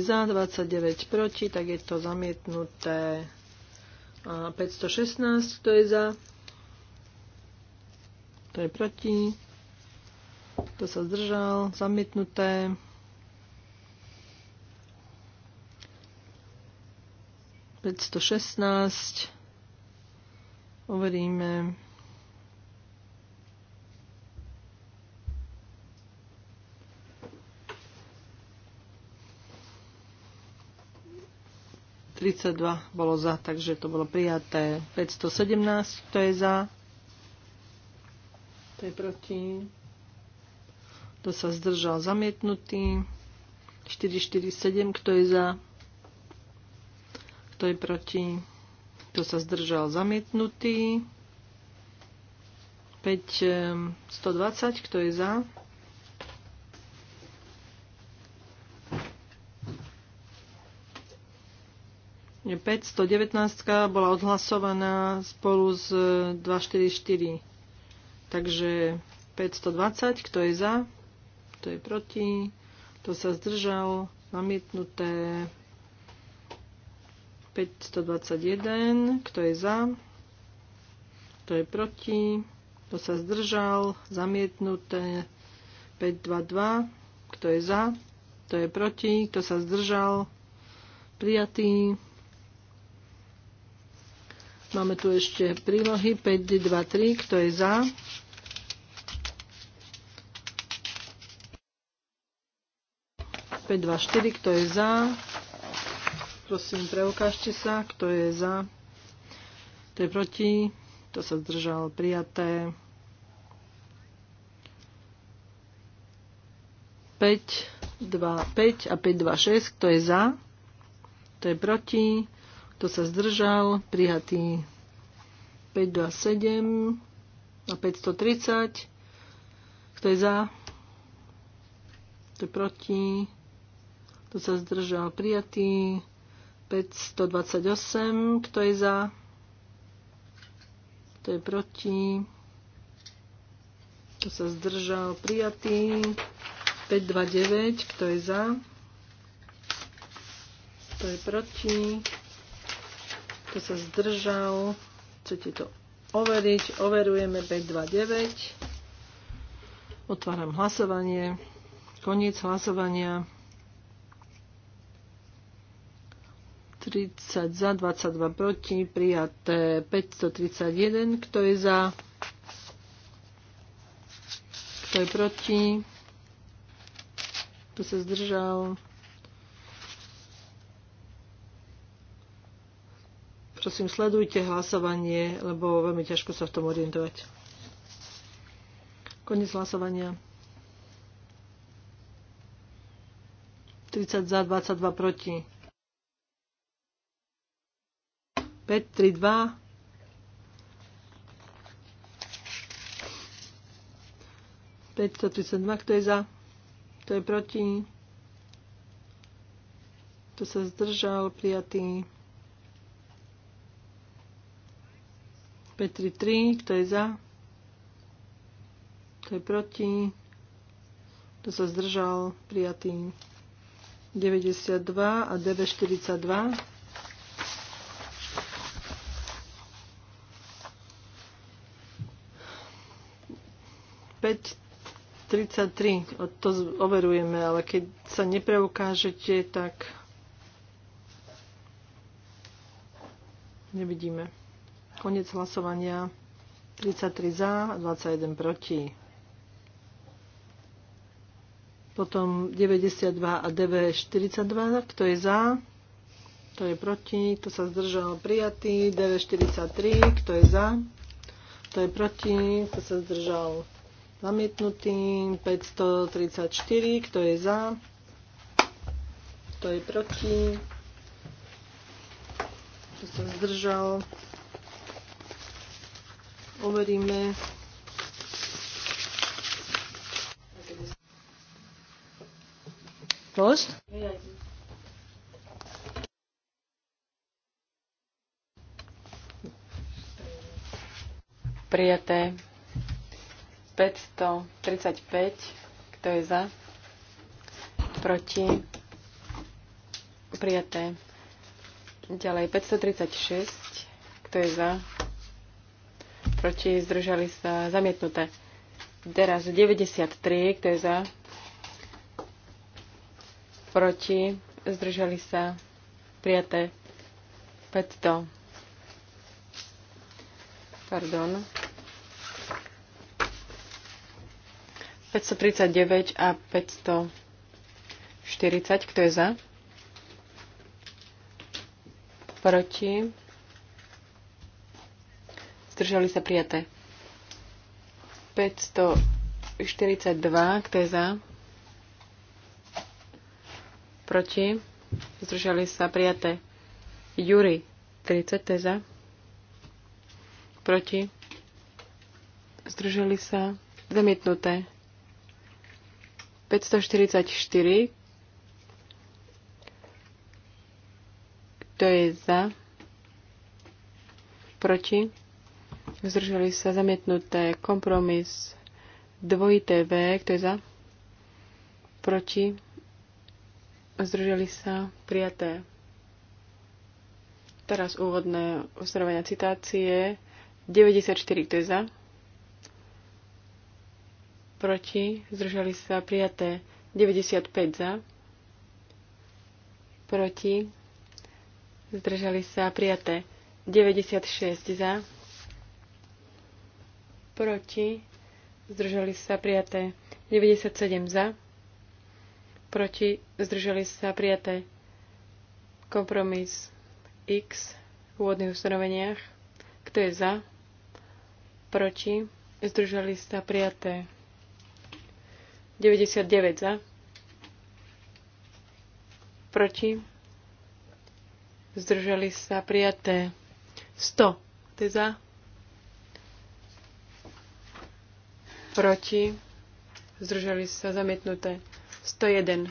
za, 29 proti, tak je to zamietnuté. A 516, kto je za? Kto je proti? Kto sa zdržal? Zamietnuté. Petsto šestnáct. Overíme. dva bolo za, takže to bolo prijaté. 517, to je za. To je proti kto sa zdržal zamietnutý, 447, kto je za, kto je proti, kto sa zdržal zamietnutý, 5, 120, kto je za, je 5, 119 bola odhlasovaná spolu s 244. E, Takže 520, kto je za? kto je proti, kto sa zdržal, namietnuté 521, kto je za, kto je proti, kto sa zdržal, zamietnuté 522, kto je za, kto je proti, kto sa zdržal, prijatý. Máme tu ešte prílohy 523, kto je za, 524, kto je za? Prosím, preukážte sa, kto je za? Kto je proti? Kto sa zdržal? Prijaté. 5, 2, 5 a 5, 2, 6. Kto je za? Kto je proti? Kto sa zdržal? Prijatý 5, 2, 7 a 530. Kto je za? Kto je proti? Kto sa zdržal? Prijatý. 528. Kto je za? Kto je proti? Kto sa zdržal? Prijatý. 529. Kto je za? Kto je proti? Kto sa zdržal? Chcete to overiť? Overujeme 529. Otváram hlasovanie. Koniec hlasovania. 30 za, 22 proti, prijaté 531. Kto je za? Kto je proti? Kto sa zdržal? Prosím, sledujte hlasovanie, lebo veľmi ťažko sa v tom orientovať. Koniec hlasovania. 30 za, 22 proti. 5, 3, 2. kto je za? Kto je proti? Kto sa zdržal? Prijatý. 5, 3, 3. kto je za? Kto je proti? Kto sa zdržal? Prijatý. 92 a 942. 5.33, to overujeme, ale keď sa nepreukážete, tak nevidíme. Konec hlasovania 33 za a 21 proti. Potom 92 a DV 42, kto je za, kto je proti, to sa zdržal prijatý, DV 43, kto je za, kto je proti, To sa zdržal zamietnutý. 534, kto je za, kto je proti, kto sa zdržal. Overíme. Prost. Prijaté. 535. Kto je za? Proti? Prijaté. Ďalej 536. Kto je za? Proti? Zdržali sa? Zamietnuté. Teraz 93. Kto je za? Proti? Zdržali sa? Prijaté. 500. Pardon. 539 a 540. Kto je za? Proti? Zdržali sa prijaté. 542. Kto je za? Proti? Zdržali sa prijaté. Juri. 30. Kto je za? Proti? Zdržali sa. Zamietnuté. 544. Kto je za? Proti? Zdržali sa zamietnuté kompromis dvojité V. Kto je za? Proti? Zdržali sa prijaté. Teraz úvodné ustanovenia citácie. 94. Kto je za? proti, zdržali sa prijaté 95 za, proti, zdržali sa prijaté 96 za, proti, zdržali sa prijaté 97 za, proti, zdržali sa prijaté kompromis X v úvodných ustanoveniach, kto je za, proti, zdržali sa prijaté 99 za. Proti. Zdržali sa prijaté 100. To je za. Proti. Zdržali sa zamietnuté 101.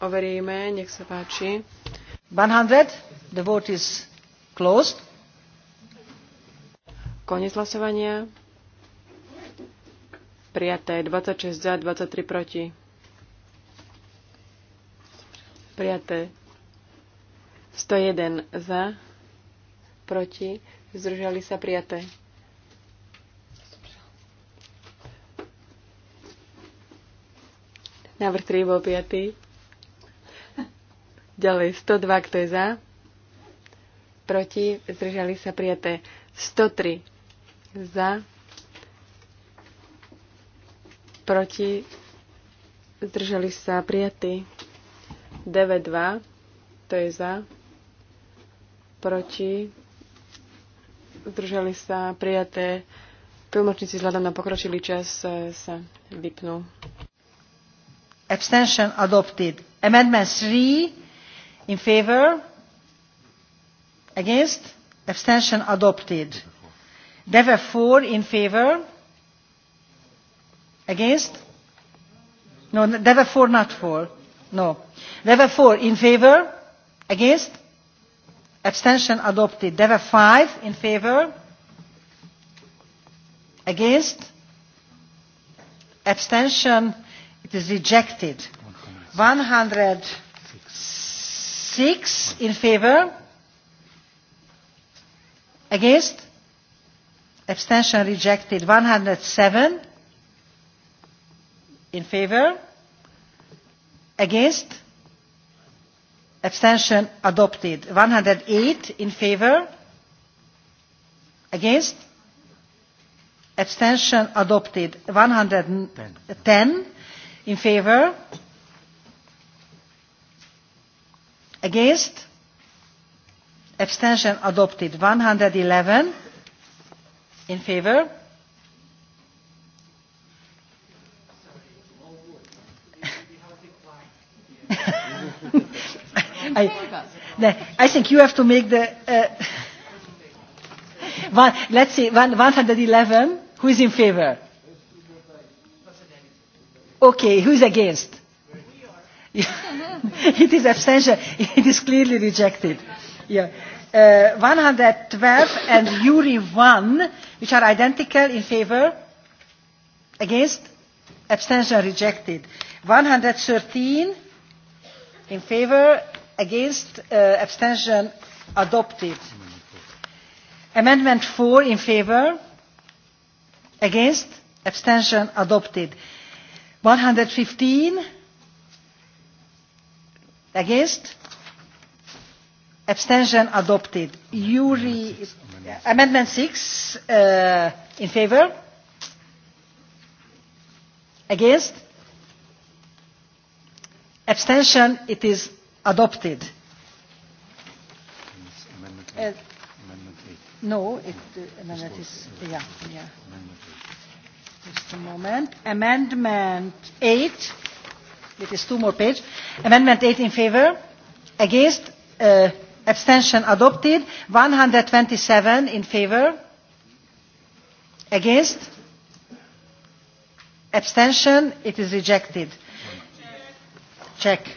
Overíme, nech sa páči. 100. The vote is closed. Konec hlasovania. Prijaté 26 za, 23 proti. Prijaté 101 za, proti, zdržali sa prijaté. Návrh 3 bol 5. Ďalej 102, kto je za? Proti, zdržali sa prijaté. 103 za, proti, zdržali sa prijatí. DV2, to je za, proti, zdržali sa prijaté. Tlmočníci vzhľadom na pokročilý čas e, sa vypnú. Abstention adopted. Amendment 3 in favor. Against. Abstention adopted. Deve 4 in favor against no there were four not four no there were four in favor against abstention adopted there were five in favor against abstention it is rejected 106 in favor against abstention rejected 107 in favour against abstention adopted one hundred eight in favour against abstention adopted one hundred and ten in favour against abstention adopted one hundred and eleven in favour I, I think you have to make the uh, (laughs) one, let's see, one, 111. Who is in favor? Okay, who is against? (laughs) it is abstention. (laughs) It is clearly rejected. Yeah. Uh, 112 and Yuri 1, which are identical in favor, against, abstention rejected. 113 in favor, against uh, abstention adopted amendment four in favour against abstention adopted one hundred and fifteen against abstention adopted Yuri, amendment six uh, in favour against abstention it is adopted. Amendment uh, no, it, uh, amendment is, yeah, yeah. Just a moment. Amendment 8, it is two more pages. Amendment 8 in favor, against, uh, abstention adopted, 127 in favor, against, abstention, it is rejected. Check. Check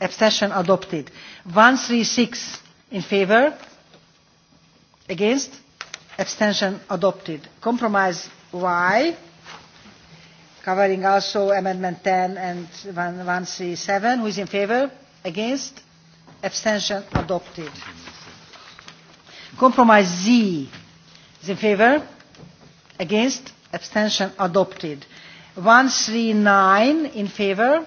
abstention adopted one three six in favour against abstention adopted compromise y covering also amendment ten and one one three seven who is in favour against abstention adopted compromise z is in favour against abstention adopted one three nine in favour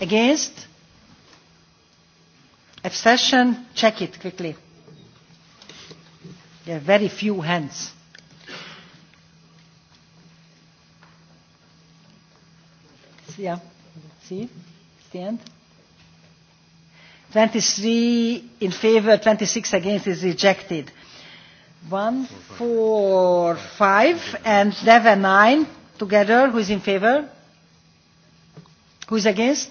against abstention check it quickly there are very few hands yeah see it's the end 23 in favor 26 against is rejected one four five and seven nine together who is in favor who is against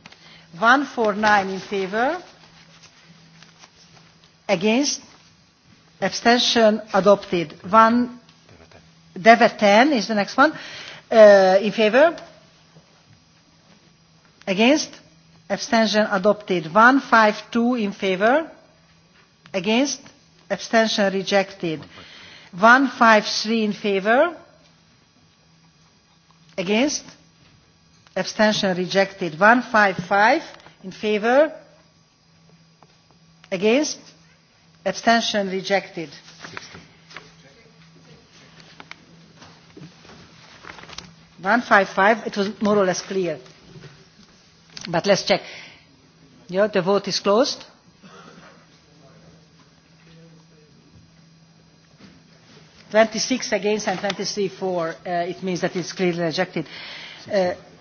149 in favour? against abstention adopted one deva 10 is the next one uh, in favour? against abstention adopted 152 in favour? against abstention rejected 153 in favour? against abstention rejected one five five in favour against abstention rejected one five five it was more or less clear but let's check yeah, the vote is closed twenty six against and twenty three for uh, it means that it's clearly rejected uh,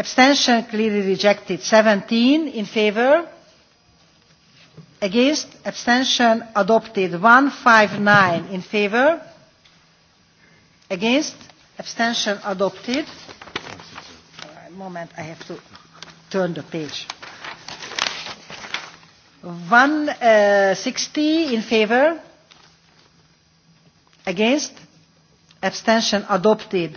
abstention clearly rejected seventeen in favour against abstention adopted one five nine in favour against abstention adopted right, moment i have to turn the page one uh, sixty in favour against abstention adopted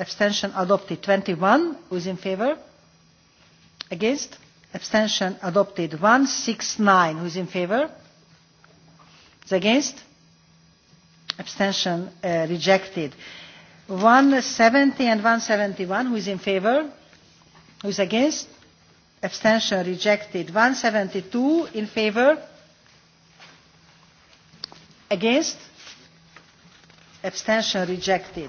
abstention adopted twenty one who is in favour against abstention adopted one six nine who is in favour against abstention uh, rejected one seventy and one seventy one who is in favour who is against abstention rejected one seventy two in favour against abstention rejected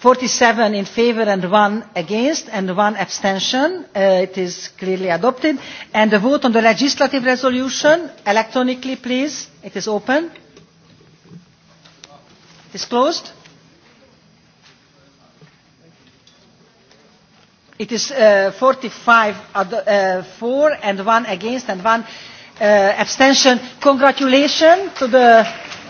forty seven in favour and one against and one abstention uh, it is clearly adopted and the vote on the legislative resolution electronically please it is open it is closed it is forty five uh, for uh, and one against and one uh, abstention congratulations to the